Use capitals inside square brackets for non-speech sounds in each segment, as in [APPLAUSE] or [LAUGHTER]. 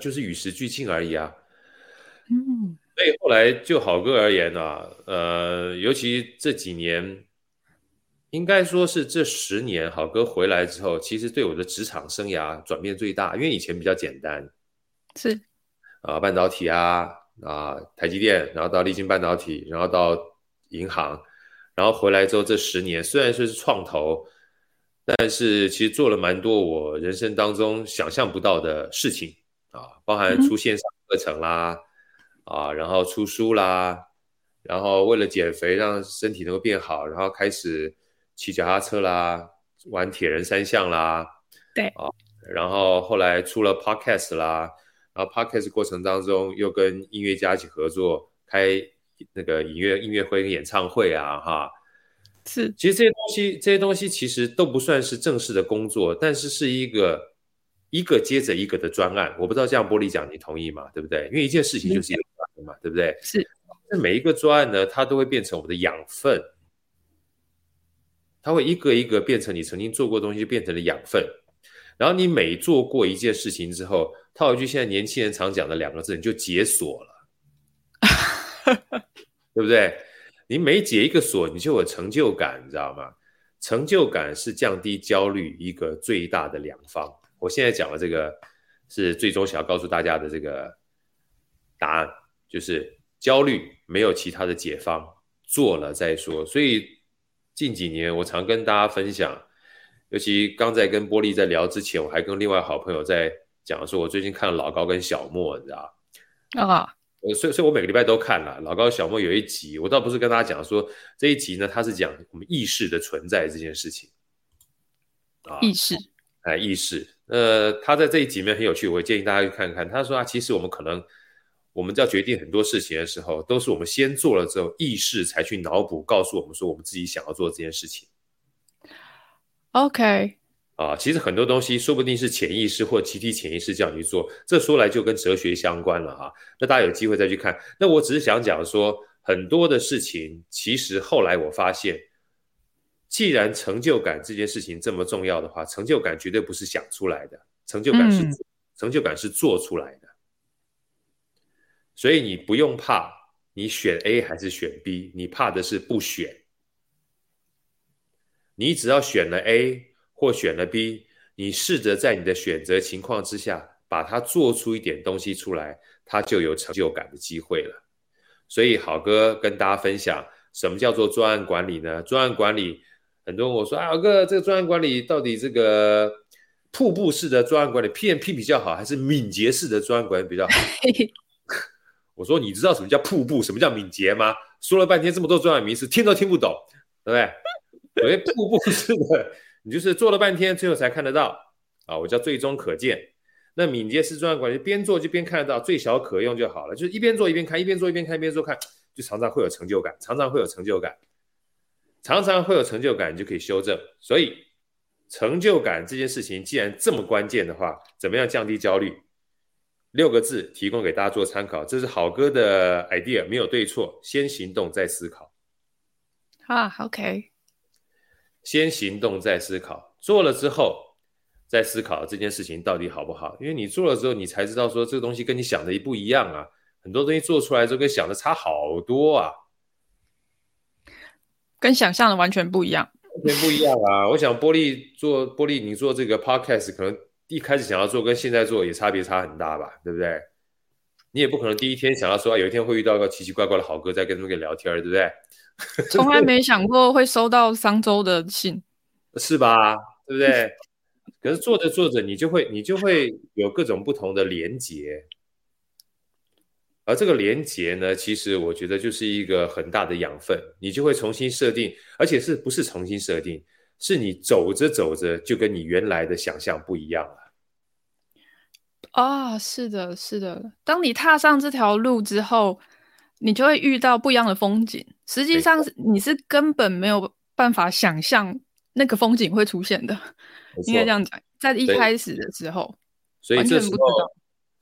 就是與時俱進而已啊，嗯，所以後來就郝哥而言呢，啊，呃，尤其這幾年，應該說是這十年，郝哥回來之後，其實對我的職場生涯轉變最大，因為以前比較簡單，是，啊，半導體啊，啊，台積電，然後到力晶半導體，然後到銀行，然後回來之後這十年，雖然說是創投，但是其實做了蠻多我人生當中想象不到的事情。啊，包含出線上課程啦，嗯，啊，然後出書啦，然後為了減肥讓身體能夠變好，然後開始騎腳踏車啦，玩鐵人三項啦，對啊，然後後來出了 podcast 啦，然後 podcast 過程當中又跟音樂家一起合作，開那個音樂音樂會跟演唱會啊，哈，是，其實這些東西這些東西其實都不算是正式的工作，但是是一個。一個接着一個的專案，我不知道這樣波莉講你同意嗎？對不對？因為一件事情就是一個專案嘛，對不對？是。這每一個專案呢，它都會變成我們的養分，它會一個一個變成你曾經做過東西，變成了養分。然後你每做過一件事情之後，套一句現在年輕人常講的兩個字，你就解鎖了， [LAUGHS] 對不對？你每解一個鎖，你就有成就感，你知道嗎？成就感是降低焦慮一個最大的良方。我現在講的這個，是最終想要告訴大家的這個答案，就是焦慮沒有其他的解方，做了再說。所以近幾年我常跟大家分享，尤其剛在跟波莉在聊之前，我還跟另外好朋友在講說，說我最近看了老高跟小莫，你知道嗎、哦？所以所以我每個禮拜都看了老高小莫有一集，我倒不是跟大家講說，這一集呢，他是講我們意識的存在這件事情啊，意識，哎、意識。呃，他在這一集裡面，很有趣，我會建議大家去看看。他說啊，其實我們可能，我們要決定很多事情的時候，都是我們先做了之後，意識才去腦補，告訴我們說我們自己想要做這件事情。OK，啊，其實很多東西說不定是潛意識或集體潛意識這樣去做，這說來就跟哲學相關了哈、啊。那大家有機會再去看。那我只是想講說，很多的事情其實後來我發現。既然成就感這件事情這麼重要的話，成就感絕對不是想出來的，成就感是、嗯、成就感是做出來的。所以你不用怕，你選 A 還是選 B，你怕的是不選。你只要選了 A 或選了 B，你試着在你的選擇情況之下，把它做出一點東西出來，它就有成就感的機會了。所以郝哥跟大家分享，什麼叫做專案管理呢？專案管理。很多我說啊，郝哥，這個專案管理到底這個瀑布式的專案管理 PMP 比較好，還是敏捷式的專案管理比較好？ [LAUGHS] 我說你知道什麼叫瀑布，什麼叫敏捷嗎？說了半天這麼多專案名詞，聽都聽不懂，對不對？所 [LAUGHS] 謂瀑布式的，你就是做了半天，最後才看得到啊。我叫最終可見。那敏捷式專案管理，邊做就邊看得到，最小可用就好了，就是一邊做一邊看，一邊做一邊看，一邊做看，就常常會有成就感，常常會有成就感。常常會有成就感，你就可以修正。所以，成就感這件事情既然這麼關鍵的話，怎麼樣降低焦慮？六個字提供給大家做參考，這是郝哥的 idea，沒有對錯。先行動，再思考。啊，OK。先行動，再思考。做了之後，再思考這件事情到底好不好？因為你做了之後，你才知道說這個東西跟你想的不一樣啊，很多東西做出來之後跟想的差好多啊。跟想象的完全不一樣，完全不一樣啊。我想波莉做波莉，你做這個 podcast 可能一開始想要做，跟現在做也差別差很大吧，對不對？你也不可能第一天想要說，啊，有一天會遇到一個奇奇怪怪的好哥在跟他們聊天，對不對？從來沒想過會收到商周的信， [LAUGHS] 是吧？對不對？可是做着做着，你就會你就會有各種不同的連結。而這個連結呢，其實我覺得就是一個很大的養分，你就會重新設定，而且是不是重新設定，是你走着走着就跟你原來的想象不一樣了。啊、哦，是的，是的。當你踏上這條路之後，你就會遇到不一樣的風景。實際上，你是根本沒有辦法想象那個風景會出現的。應該 [LAUGHS] 這樣講，在一開始的時候，所以這。是、哦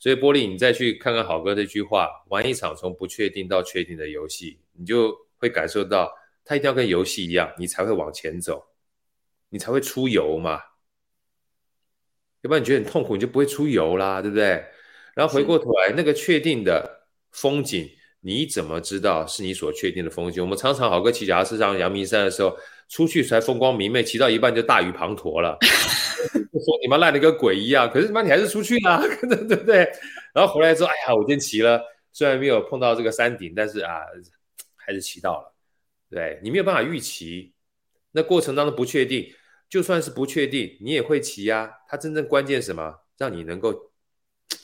所以，波莉你再去看看郝哥這句話，“玩一場從不確定到確定的遊戲”，你就會感受到，它一定要跟遊戲一樣，你才會往前走，你才會出遊嘛，要不然你覺得很痛苦，你就不會出遊啦，對不對？然後回過頭來，那個確定的風景。你怎麼？知道是你所確定的風景，我們常常郝哥騎腳踏車上陽明山的時候，出去才風光明媚，騎到一半就大雨滂沱了， [LAUGHS] 說你媽爛得跟鬼一樣。可是媽，你還是出去啦， [LAUGHS] 對不對？然後回來之後，哎呀，我先騎了，雖然沒有碰到這個山頂，但是啊，還是騎到了。對，你沒有辦法預期，那過程當中不確定，就算是不確定，你也會騎呀、啊。它真正關鍵是什麼？讓你能夠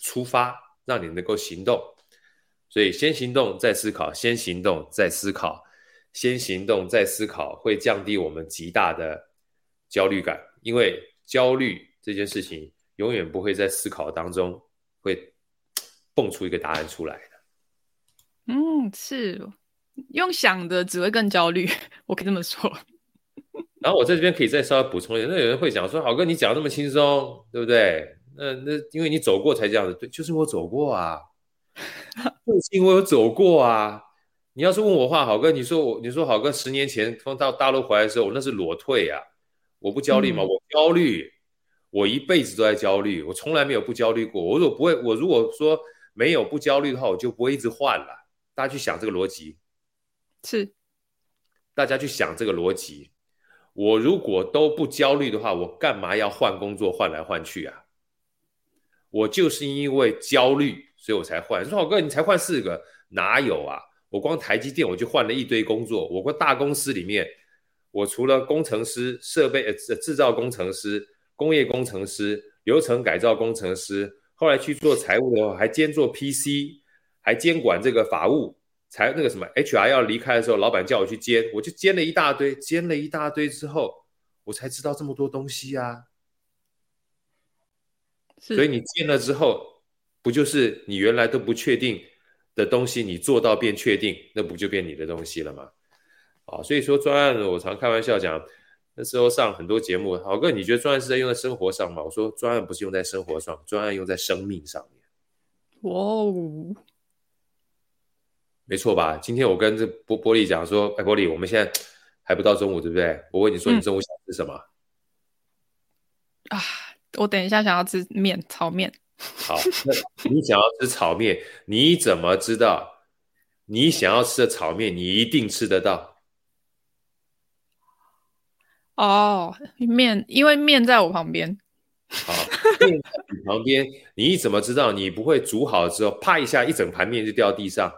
出發，讓你能夠行動。所以，先行動再思考，先行動再思考，先行動再思考，會降低我們極大的焦慮感。因為焦慮這件事情，永遠不會在思考當中會蹦出一個答案出來的。嗯，是，用想的只會更焦慮，我可以這麼說。 [LAUGHS] 然後我在這邊可以再稍微補充一點，那有人會講說：“郝哥，你講那麼輕鬆，對不對？那那因為你走過才這樣子，對，就是我走過啊。” [LAUGHS] 因為我有走過啊！你要是問我話，郝哥，你說我，你說郝哥，十年前從大陸回來的時候，我那是裸退啊！我不焦慮嗎、嗯？我焦慮，我一輩子都在焦慮，我從來沒有不焦慮過。我如果不會，我如果說沒有不焦慮的話，我就不會一直換了。大家去想這個邏輯，是大家去想這個邏輯。我如果都不焦慮的話，我幹嘛要換工作，換來換去啊？我就是因為焦慮。所以我才換，說，郝哥，你才換四個，哪有啊？我光台積電我就換了一堆工作。我光大公司裡面，我除了工程師、設備呃製造工程師、工業工程師、流程改造工程師，後來去做財務的話，還兼做 PC，還監管這個法務、才那個什麼 HR。要離開的時候，老闆叫我去兼，我就兼了一大堆，兼了一大堆之後，我才知道這麼多東西啊。所以你兼了之後。不就是你原來都不確定的東西，你做到變確定，那不就變你的東西了嗎？哦，所以說專案，我常開玩笑講，那時候上很多節目，郝哥，你覺得專案是在用在生活上嗎？我說專案不是用在生活上，專案用在生命上面。哇哦、沒錯吧？今天我跟這波波莉講說，哎，波莉，我們現在還不到中午，對不對？我問你說，你中午想吃什麼？嗯？啊，我等一下想要吃麵，炒麵。 [LAUGHS] 好，那你想要吃炒麵，你怎麼知道你想要吃的炒麵你一定吃得到？哦，麵因為麵在我旁邊。好， [LAUGHS] 麵在你旁邊，你怎麼知道你不會煮好之後啪一下一整盤麵就掉地上？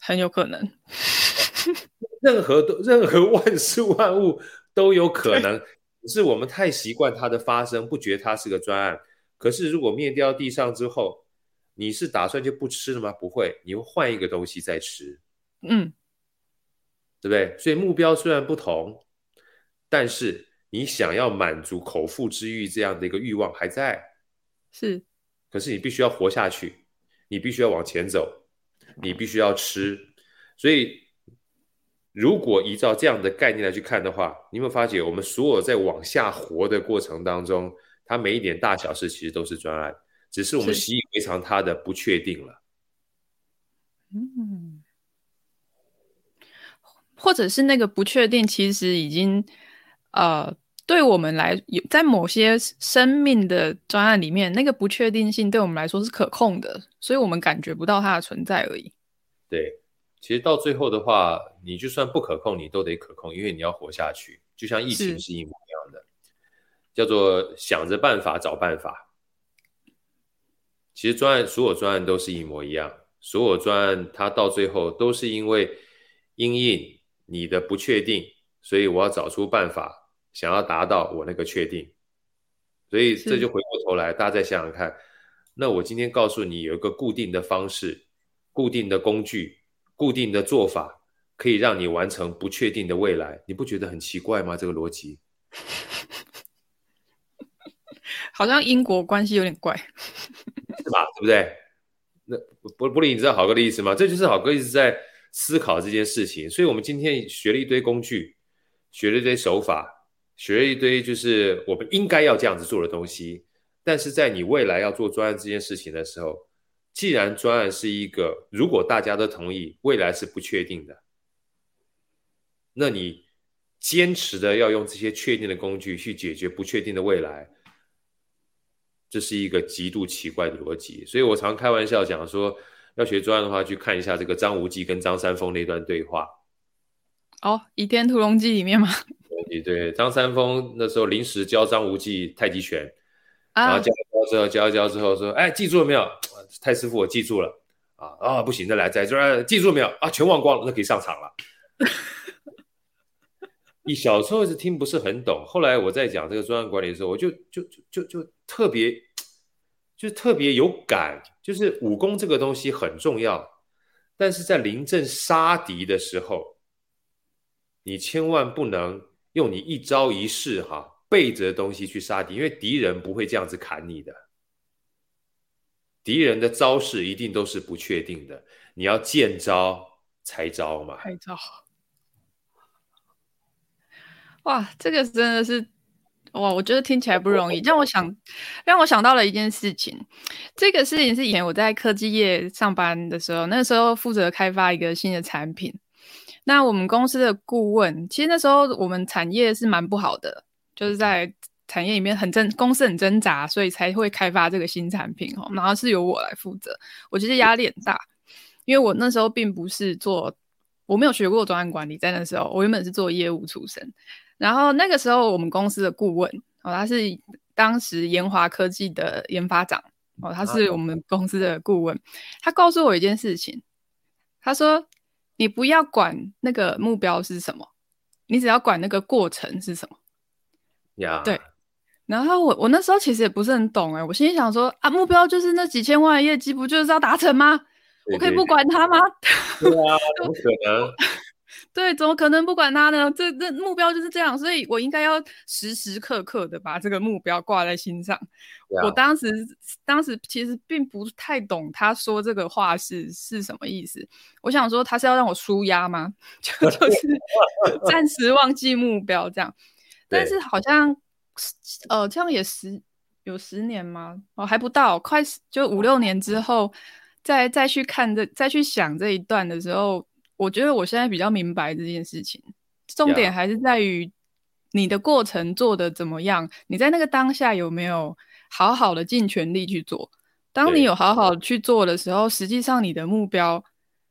很有可能， [LAUGHS] 任何都任何萬事萬物都有可能，可是我們太習慣它的發生，不覺得它是個專案。可是，如果麵掉地上之後，你是打算就不吃了嗎？不會，你會換一個東西再吃，嗯，對不對？所以目標雖然不同，但是你想要滿足口腹之慾這樣的一個慾望還在，是。可是你必須要活下去，你必須要往前走，你必須要吃。所以，如果依照這樣的概念來去看的話，你有沒有發覺，我們所有在往下活的過程當中，他每一點大小事其實都是專案，只是我們習以為常，他的不確定了。嗯，或者是那個不確定，其實已經呃，對我們來有，在某些生命的專案裡面，那個不確定性對我們來說是可控的，所以我們感覺不到它的存在而已。對，其實到最後的話，你就算不可控，你都得可控，因為你要活下去。就像疫情是一叫做想着辦法找辦法。其實專案所有專案都是一模一樣，所有專案它到最後都是因為因應你的不確定，所以我要找出辦法，想要達到我那個確定。所以這就回過頭來，大家再想想看，那我今天告訴你有一個固定的方式、固定的工具、固定的做法，可以讓你完成不確定的未來，你不覺得很奇怪嗎？這個邏輯。好像因果關係有點怪，是吧？對不對？那不不，波莉你知道郝哥的意思嗎？這就是郝哥一直在思考這件事情。所以我們今天學了一堆工具，學了一堆手法，學了一堆就是我們應該要這樣子做的東西。但是在你未來要做專案這件事情的時候，既然專案是一個，如果大家都同意未來是不確定的，那你堅持的要用這些確定的工具去解決不確定的未來，這是一個極度奇怪的邏輯，所以我常開玩笑講說，要學專案的話，去看一下這個張無忌跟張三丰那段對話。哦，《倚天屠龍記》裡面嗎？對，對，張三丰那時候臨時教張無忌太極拳，啊、然後教一教之後教一教之後說：“哎，記住了沒有？太師傅，我記住了啊、哦、不行，再來再做，記住了沒有？啊，全忘光了，那可以上場了。 [LAUGHS] ”你小時候一直聽不是很懂，後來我在講這個專案管理的時候，我就就就就就特別，就特別有感，就是武功這個東西很重要，但是在臨陣殺敵的時候，你千萬不能用你一招一式哈、啊、背着東西去殺敵，因為敵人不會這樣子砍你的，敵人的招式一定都是不確定的，你要見招拆招嘛，哇，這個真的是哇，我覺得聽起來不容易。讓我想，讓我想到了一件事情。這個事情是以前我在科技業上班的時候，那時候負責開發一個新的產品。那我們公司的顧問，其實那時候我們產業是蠻不好的，就是在產業裡面很掙，公司很掙扎，所以才會開發這個新產品哦。然後是由我來負責，我其實壓力很大，因為我那時候並不是做，我沒有學過專案管理，在那時候我原本是做業務出身。然後那個時候，我們公司的顧問哦，他是當時研華科技的研發長哦，他是我們公司的顧問，啊。他告訴我一件事情，他說：“你不要管那個目標是什麼，你只要管那個過程是什麼。”呀，對。然後我我那時候其實也不是很懂哎，我心裡想說啊，目標就是那幾千萬的業績，不就是要達成嗎？對對對。我可以不管他嗎？對啊，怎 [LAUGHS] 麼可能？對，怎麼可能不管他呢？這這目標就是這樣，所以我應該要時時刻刻的把這個目標掛在心上。Yeah. 我當時當時其實並不太懂他說這個話是是什麼意思。我想說他是要讓我紓壓嗎？就 [LAUGHS] [LAUGHS] 就是暫時忘記目標這樣。但是好像呃，這樣也十有十年嗎？哦，還不到，快就五六年之後再再去看這再去想這一段的時候。我覺得我現在比較明白這件事情，重點還是在於你的過程做得怎麼樣。Yeah. 你在那個當下有沒有好好的盡全力去做？當你有好好的去做的時候，實際上你的目標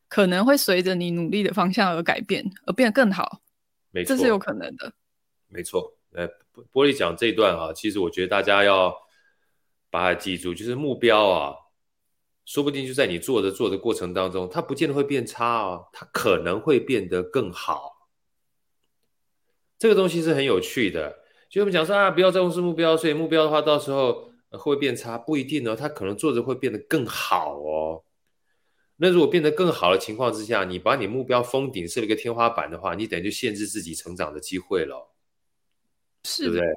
可能會隨着你努力的方向而改變，而變得更好。沒錯，這是有可能的。沒錯，呃，波莉講這一段啊，其實我覺得大家要把它記住，就是目標啊。說不定就在你做着做着過程當中，它不見得會變差哦，它可能會變得更好。這個東西是很有趣的。就我們講說啊，不要再重視目標，所以目標的話，到時候會變差不一定哦，它可能做着會變得更好哦。那如果變得更好的情況之下，你把你目標封頂設了一個天花板的話，你等於就限制自己成長的機會了，是的，對不對？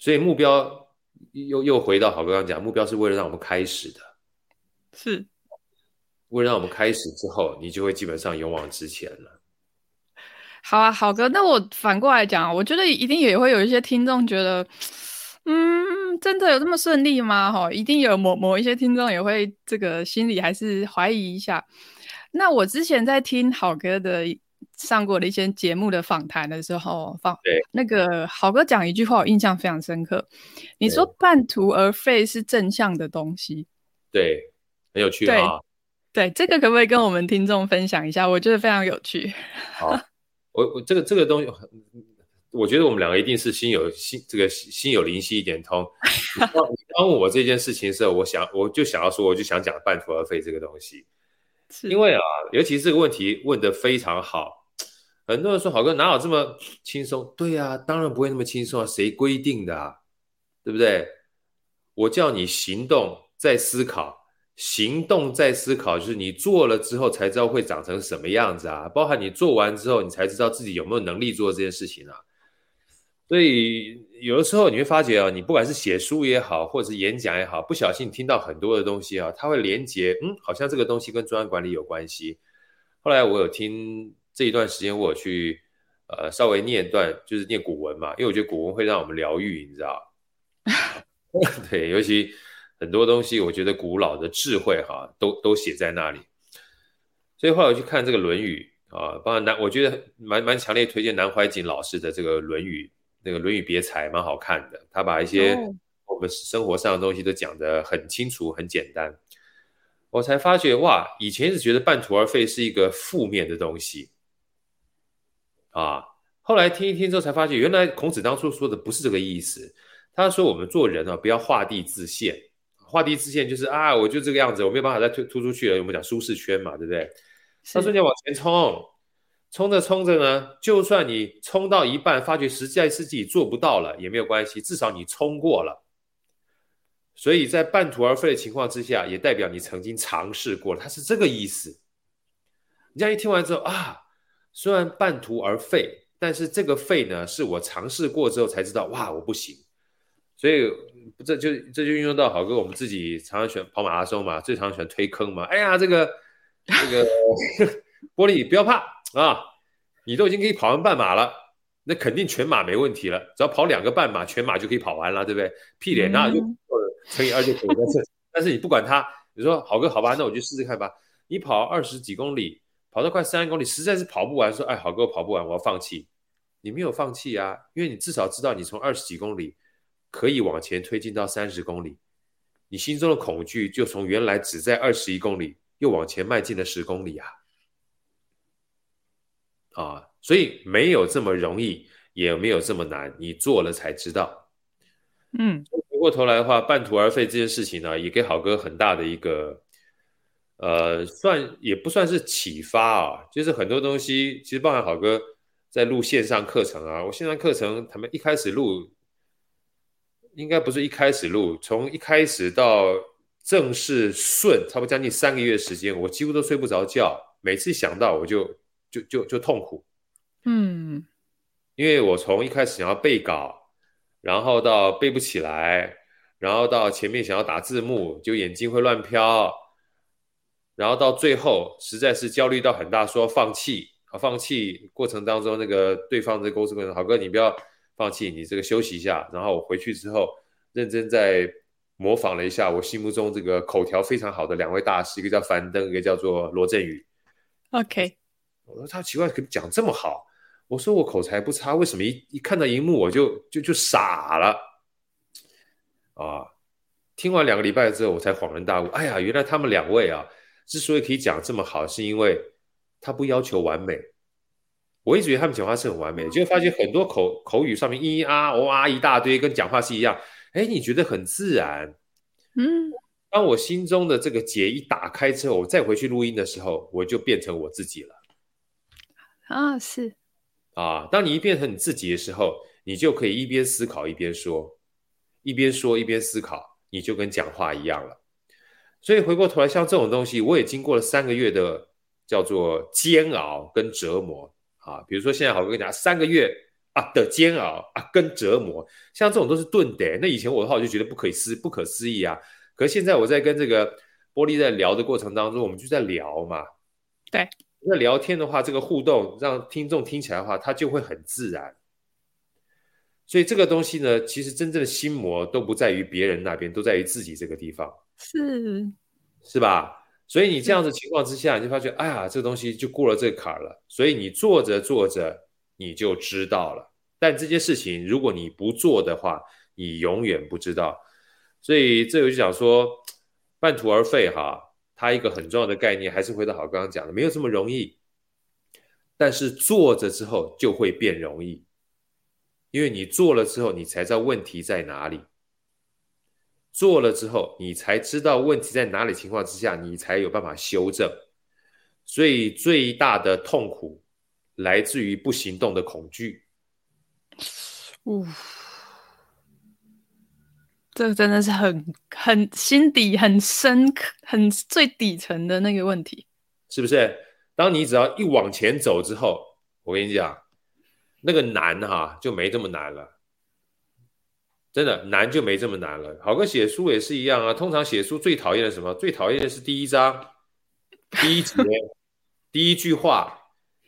所以目標又又回到好剛剛講，目標是為了讓我們開始的。是，為了讓我們開始之後，你就會基本上勇往直前了。好啊，郝哥，那我反過來講，我覺得一定也會有一些聽眾覺得，嗯，真的有這麼順利嗎？一定有某某一些聽眾也會這個心裡還是懷疑一下。那我之前在聽郝哥的上過的一些節目的訪談的時候，對放那個郝哥講一句話，我印象非常深刻。你說半途而廢是正向的東西，對。對很有趣啊，對！對，這個可不可以跟我們聽眾分享一下？我覺得非常有趣。 [LAUGHS] 好，我我這個這個東西，我覺得我們兩個一定是心有心，這個心有靈犀一點通。當 [LAUGHS] 我這件事情的時候，我想我就想要說，我就想講半途而廢這個東西，是，因為啊，尤其是這個問題問得非常好，很多人說：“好哥，哪有這麼輕鬆？”對呀，啊，當然不會那麼輕鬆啊，誰規定的啊？對不對？我叫你行動，再思考。行動在思考，就是你做了之後才知道會長成什麼樣子啊！包含你做完之後，你才知道自己有沒有能力做這件事情啊。所以有的時候你會發覺啊、哦，你不管是寫書也好，或者是演講也好，不小心聽到很多的東西啊，它會連接，嗯，好像這個東西跟專案管理有關係。後來我有聽這一段時間我有，我去呃稍微念一段，就是念古文嘛，因為我覺得古文會讓我們療癒，你知道？ [LAUGHS] 對， [LAUGHS] 對，尤其。很多東西，我覺得古老的智慧哈、啊，都都寫在那裡。所以後來我去看這個《論語》啊，包括南，我覺得蠻蠻強烈推薦南懷瑾老師的這個《論語》，那個《論語別裁》蠻好看的。他把一些我們生活上的東西都講得很清楚、很簡單。我才發覺哇，以前是覺得半途而廢是一個負面的東西啊，後來聽一聽之後，才發覺原來孔子當初說的不是這個意思。他說我們做人啊，不要畫地自限。畫地自限，就是啊，我就這個樣子，我沒有辦法再突突出去了。我們講舒適圈嘛，對不對？他瞬間往前衝，衝着衝着呢，就算你衝到一半，發覺實在是自己做不到了，也沒有關係，至少你衝過了。所以在半途而廢的情況之下，也代表你曾經嘗試過了，它是這個意思。你這樣一聽完之後啊，雖然半途而廢，但是這個廢呢，是我嘗試過之後才知道，哇，我不行，所以。這就這就運用到郝哥，我們自己常常喜歡跑馬拉松嘛，最常喜歡推坑嘛。哎呀，這個這個 [LAUGHS] 波莉不要怕啊，你都已經可以跑完半馬了，那肯定全馬沒問題了。只要跑兩個半馬，全馬就可以跑完了，對不對？屁臉那、啊、就 [LAUGHS] 乘以二就可以了。但是你不管他，你說郝哥，好吧，那我就試試看吧。你跑二十幾公里，跑到快三十公里，實在是跑不完，說哎，郝哥，我跑不完，我要放棄。你沒有放棄啊，因為你至少知道你從二十幾公里。可以往前推進到三十公里，你心中的恐懼就從原來只在二十一公里，又往前邁進了十公里啊。啊，所以沒有這麼容易，也沒有這麼難，你做了才知道。嗯，回過頭來的話，半途而廢這件事情呢，啊，也給好哥很大的一個，呃，算也不算是啟發啊。就是很多東西，其實包含好哥在錄線上課程啊，我線上課程他們一開始錄。應該不是一開始錄，從一開始到正式順，差不多將近三個月的時間，我幾乎都睡不着覺。每次想到，我就就就就痛苦。嗯，因為我從一開始想要背稿，然後到背不起來，然後到前面想要打字幕，就眼睛會亂飄，然後到最後實在是焦慮到很大，說放棄啊！放棄過程當中，那個對方的公司跟人，郝哥，你不要。放棄你這個休息一下，然後我回去之後認真再模仿了一下我心目中這個口條非常好的兩位大師，一個叫樊登，一個叫做羅振宇。OK，我說他奇怪，可講這麼好，我說我口才不差，為什麼一一看到熒幕我就就就傻了？啊，聽完兩個禮拜之後，我才恍然大悟，哎呀，原來他們兩位啊，之所以可以講這麼好，是因為他不要求完美。我一直覺得他們講話是很完美，結果發現很多口口語上面咿啊哇、哦啊、一大堆，跟講話是一樣。誒，你覺得很自然，嗯。當我心中的這個結一打開之後，我再回去錄音的時候，我就變成我自己了。啊，是。啊，當你一變成你自己的時候，你就可以一邊思考一邊說，一邊說一邊思考，你就跟講話一樣了。所以回過頭來，像這種東西，我也經過了三個月的叫做煎熬跟折磨。啊，比如說現在好，我跟你講，三個月啊的煎熬啊跟折磨，像這種都是鈍的。那以前我的話，我就覺得不可思議，不可思議啊。可是現在我在跟這個波莉在聊的過程當中，我們就在聊嘛。對，那聊天的話，這個互動讓聽眾聽起來的話，他就會很自然。所以這個東西呢，其實真正的心魔都不在於別人那邊，都在於自己這個地方。是，是吧？所以你這樣的情況之下，你就發覺，哎呀，這個東西就過了這個坎兒了。所以你做着做着，你就知道了。但這件事情，如果你不做的話，你永遠不知道。所以這我就想說，半途而廢哈，它一個很重要的概念，還是回到好剛剛講的，沒有這麼容易。但是做着之後就會變容易，因為你做了之後，你才知道問題在哪裡。做了之後，你才知道問題在哪裡。情況之下，你才有辦法修正。所以，最大的痛苦來自於不行動的恐懼。嗚，這個真的是很很心底很深刻、很最底層的那個問題，是不是？當你只要一往前走之後，我跟你講，那個難哈，啊，就沒這麼難了。真的難就沒這麼難了。好哥寫書也是一樣啊。通常寫書最討厭的什麼？最討厭的是第一章、第一節、 [LAUGHS] 第一句話。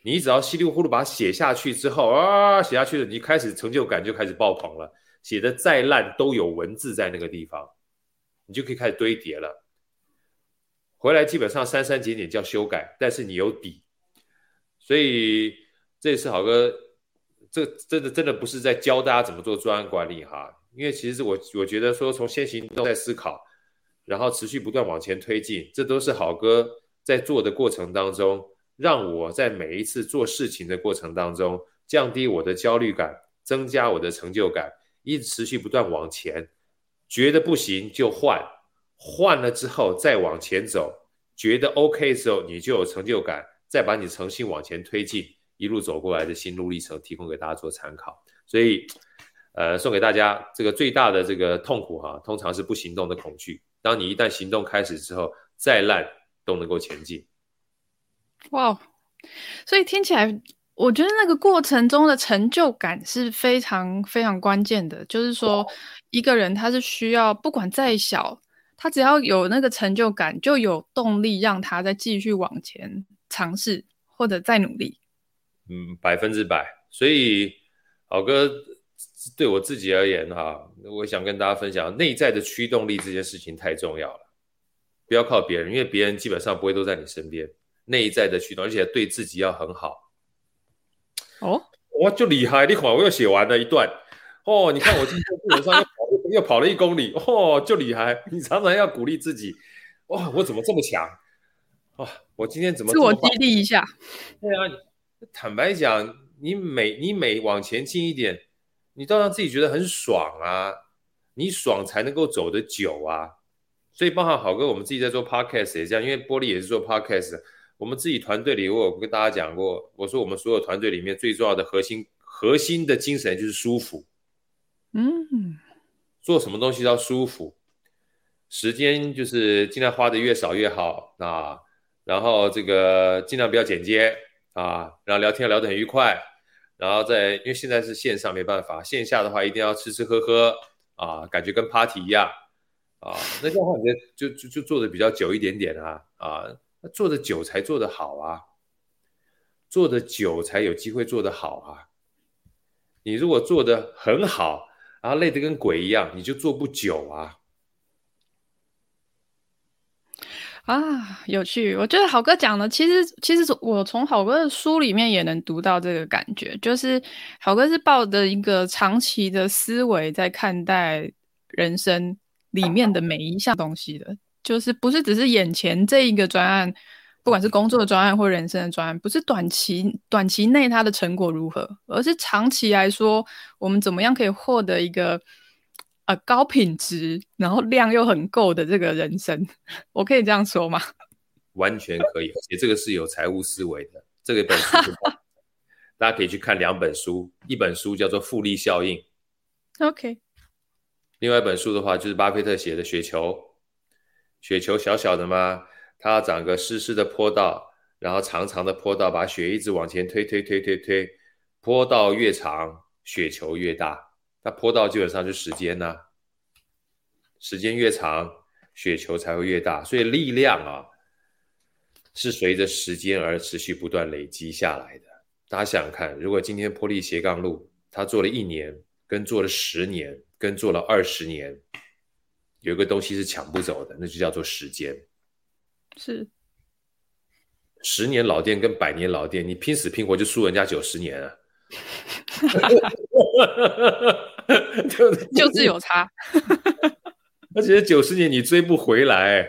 你只要稀里糊塗把它寫下去之後啊，寫下去了，你開始成就感就開始爆棚了。寫的再爛都有文字在那個地方，你就可以開始堆疊了。回來基本上刪刪減減，叫修改，但是你有底，所以這也是好哥，這真的真的不是在教大家怎麼做專案管理哈。因為其實我我覺得說，從先行動，再思考，然後持續不斷往前推進，這都是好哥在做的過程當中，讓我在每一次做事情的過程當中，降低我的焦慮感，增加我的成就感，一直持續不斷往前，覺得不行就換，換了之後再往前走，覺得 OK 的時候你就有成就感，再把你重新往前推進，一路走過來的心路歷程提供給大家做參考，所以。呃，送給大家這個最大的這個痛苦哈、啊，通常是不行動的恐懼。當你一旦行動開始之後，再爛都能夠前進。哇、Wow.，所以聽起來，我覺得那個過程中的成就感是非常非常關鍵的。就是說，Wow. 一個人他是需要，不管再小，他只要有那個成就感，就有動力讓他再繼續往前嘗試或者再努力。嗯，百分之百。所以，好哥。對我自己而言、啊，哈，我想跟大家分享，內在的驅動力這件事情太重要了，不要靠別人，因為別人基本上不會都在你身邊。內在的驅動，而且對自己要很好。哦，哇，就厲害，你看我又寫完了一段。哦，你看我今天基本上又跑了， [LAUGHS] 又跑了一公里。哦，就厲害，你常常要鼓勵自己。哇、哦，我怎麼這麼強？哦？我今天怎麼這麼自我激勵一下？對啊，坦白講，你每你每往前進一點。你倒讓自己覺得很爽啊，你爽才能夠走得久啊，所以包含郝哥，我們自己在做 podcast 也這樣，因為波莉也是做 podcast，我們自己團隊裡，我有跟大家講過，我說我們所有團隊裡面最重要的核心，核心的精神就是舒服，嗯，做什麼東西都要舒服，時間就是盡量花的越少越好啊，然後這個盡量不要剪接啊，然後聊天聊得很愉快，然後在，因為現在是線上沒辦法，線下的話一定要吃吃喝喝啊，感覺跟 party 一樣啊。那這樣的話，我覺得就就就做的比較久一點點啊啊，做的久才做得好啊，做的久才有機會做得好啊。你如果做的很好，然後累得跟鬼一樣，你就做不久啊。啊，有趣！我覺得郝哥講的，其實其實從我從郝哥的書裡面也能讀到這個感覺，就是郝哥是抱着一個長期的思維在看待人生裡面的每一項東西的，啊，就是不是只是眼前這一個專案，不管是工作的專案或人生的專案，不是短期短期內它的成果如何，而是長期來說，我們怎麼樣可以獲得一個。呃，高品質，然後量又很夠的這個人生，我可以這樣說嗎？完全可以，而且這個是有財務思維的。 [LAUGHS] 這個本書就 [LAUGHS] 大家可以去看兩本書，一本書叫做《複利效應》，OK。另外一本書的話，就是巴菲特寫的《雪球》。雪球小小的嘛，它長個濕濕的坡道，然後長長的坡道把雪一直往前推，推，推，推，推，推。坡道越長，雪球越大。那坡道基本上就是時間吶、啊，時間越長，雪球才會越大。所以力量啊，是隨着時間而持續不斷累積下來的。大家想想看，如果今天波莉斜槓路他做了一年，跟做了十年，跟做了二十年，有個東西是搶不走的，那就叫做時間。是，十年老店跟百年老店，你拼死拼活就輸人家九十年啊。 [LAUGHS] [LAUGHS] [LAUGHS] 就是、就是有差， [LAUGHS] 而且九十年你追不回來，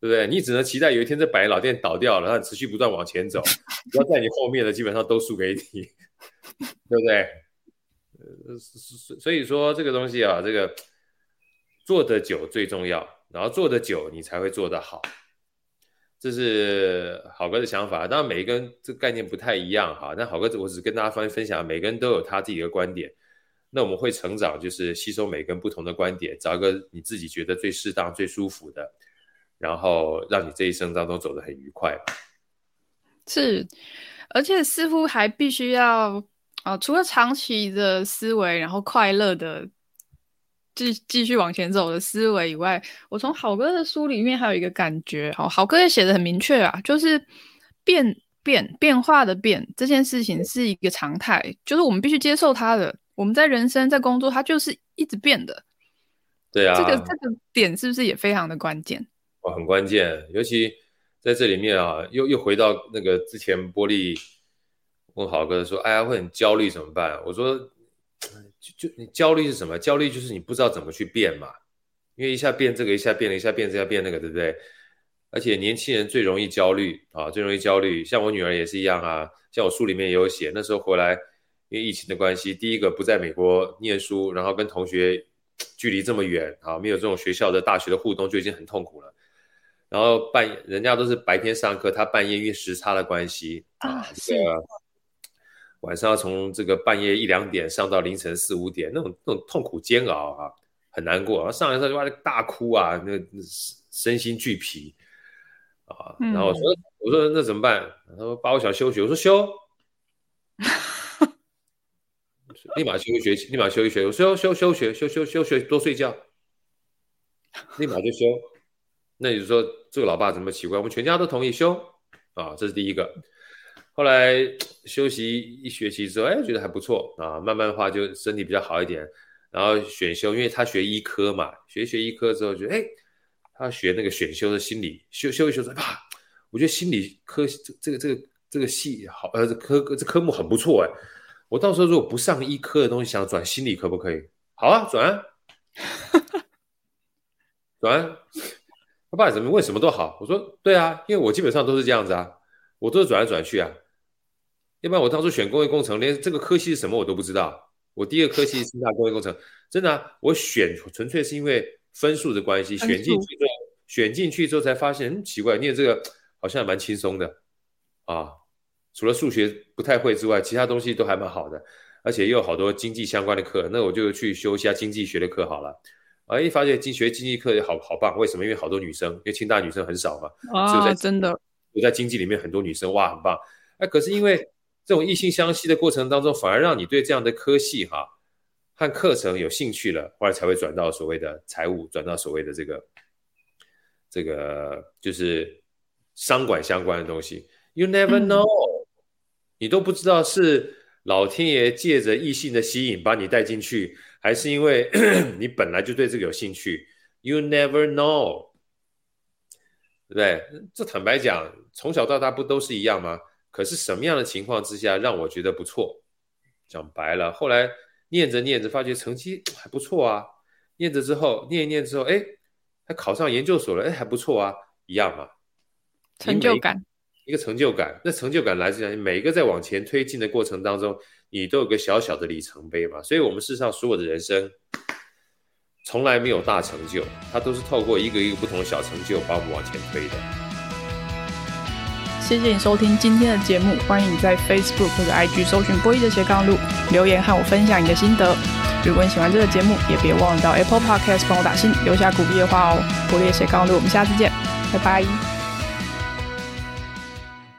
對不對？你只能期待有一天這百年老店倒掉了，它持續不斷往前走，只要在你後面的基本上都輸給你，對不對？呃，所以所以說這個東西啊，這個做得久最重要，然後做得久你才會做得好，這是郝哥的想法。當然，每一個人這概念不太一樣哈。但郝哥我只是跟大家分享，每個人都有他自己的觀點。那我們會成長，就是吸收每個不同的觀點，找一個你自己覺得最適當、最舒服的，然後讓你這一生當中走得很愉快。是，而且似乎還必須要啊、哦，除了長期的思維，然後快樂的繼繼續往前走的思維以外，我從郝哥的書裡面還有一個感覺，好、哦，郝哥也寫得很明確啊，就是變變變化的變這件事情是一個常態，就是我們必須接受它的。我們在人生在工作，它就是一直變的。對啊，這個這個點是不是也非常的關鍵？哦，很關鍵，尤其在這裡面啊，又又回到那個之前，波莉問郝哥說：“哎呀，會很焦慮怎麼辦？”我說：“就就你焦慮是什麼？焦慮就是你不知道怎麼去變嘛，因為一下變這個，一下變了一下變這個，一下變那個，對不對？而且年輕人最容易焦慮啊，最容易焦慮。像我女兒也是一樣啊，像我書裡面也有寫，那時候回來。”因為疫情的關係，第一個不在美國念書，然後跟同學距離這麼遠啊，沒有這種學校的大學的互動就已經很痛苦了。然後半人家都是白天上課，他半夜因為時差的關係啊，啊，是啊，晚上要從這個半夜一兩點上到凌晨四五點，那種那種痛苦煎熬啊，很難過。然後上完課就哇大哭啊，那，那身心俱疲，啊，然後我說，嗯，我說那怎麼辦？他說把我想休息。我說休。 [LAUGHS] 立馬休一學期，立馬休一學期，休休休學，休休休學，多睡覺，立馬就休。那你說這個老爸怎麼奇怪？我們全家都同意休啊，哦，這是第一個。後來休息一學期之後，哎，覺得還不錯啊，慢慢的話就身體比較好一點。然後選修，因為他學醫科嘛，學一學醫科之後，就，得哎，他學那個選修的心理，休休一休出來，我覺得心理科這個這個、這個、這個系好，呃，這科這科目很不錯哎。我到時候如果不上醫科的東西，想轉心理可不可以？好啊，轉啊， [LAUGHS] 轉啊！他爸，爸怎麼問什麼都好。我說對啊，因為我基本上都是這樣子啊，我都是轉來轉去啊。要不然我當初選工業工程，連這個科系是什麼我都不知道。我第一個科系是那工業工程， [LAUGHS] 真的、啊，我選我純粹是因為分數的關係， [LAUGHS] 選進去之後，之選進去之後才發現、嗯、奇怪，念這個好像還蠻輕鬆的啊。除了數學不太會之外，其他東西都還蠻好的，而且又有好多經濟相關的課，那我就去修一下經濟學的課好了。啊，發現經濟學經濟課也好好棒，為什麼？因為好多女生，因為清大女生很少嘛，啊，是不是真的，我在經濟裡面很多女生哇，很棒。哎、啊，可是因為這種異性相吸的過程當中，反而讓你對這樣的科系哈、啊、和課程有興趣了，後來才會轉到所謂的財務，轉到所謂的這個這個就是商管相關的東西。You never know。嗯。你都不知道是老天爺借着異性的吸引把你帶進去，還是因為咳咳你本來就對這個有興趣？You never know，對，對，這坦白講，從小到大不都是一樣嗎？可是什麼樣的情況之下讓我覺得不錯？講白了，後來念着念着，發覺成績還不錯啊。念着之後，念一念之後，哎，還考上研究所了，哎，還不錯啊，一樣嘛。成就感。一個成就感，那成就感來自於每一個在往前推進的過程當中，你都有個小小的里程碑嘛。所以，我們世上所有的人生，從來沒有大成就，它都是透過一個一個不同的小成就，把我們往前推的。謝謝你收聽今天的節目，歡迎你在 Facebook 或者 IG 搜尋波莉的斜槓路，留言和我分享你的心得。如果你喜歡這個節目，也別忘了到 Apple Podcast 幫我打星，留下鼓勵的話哦。波莉的斜槓路，我們下次見，拜拜。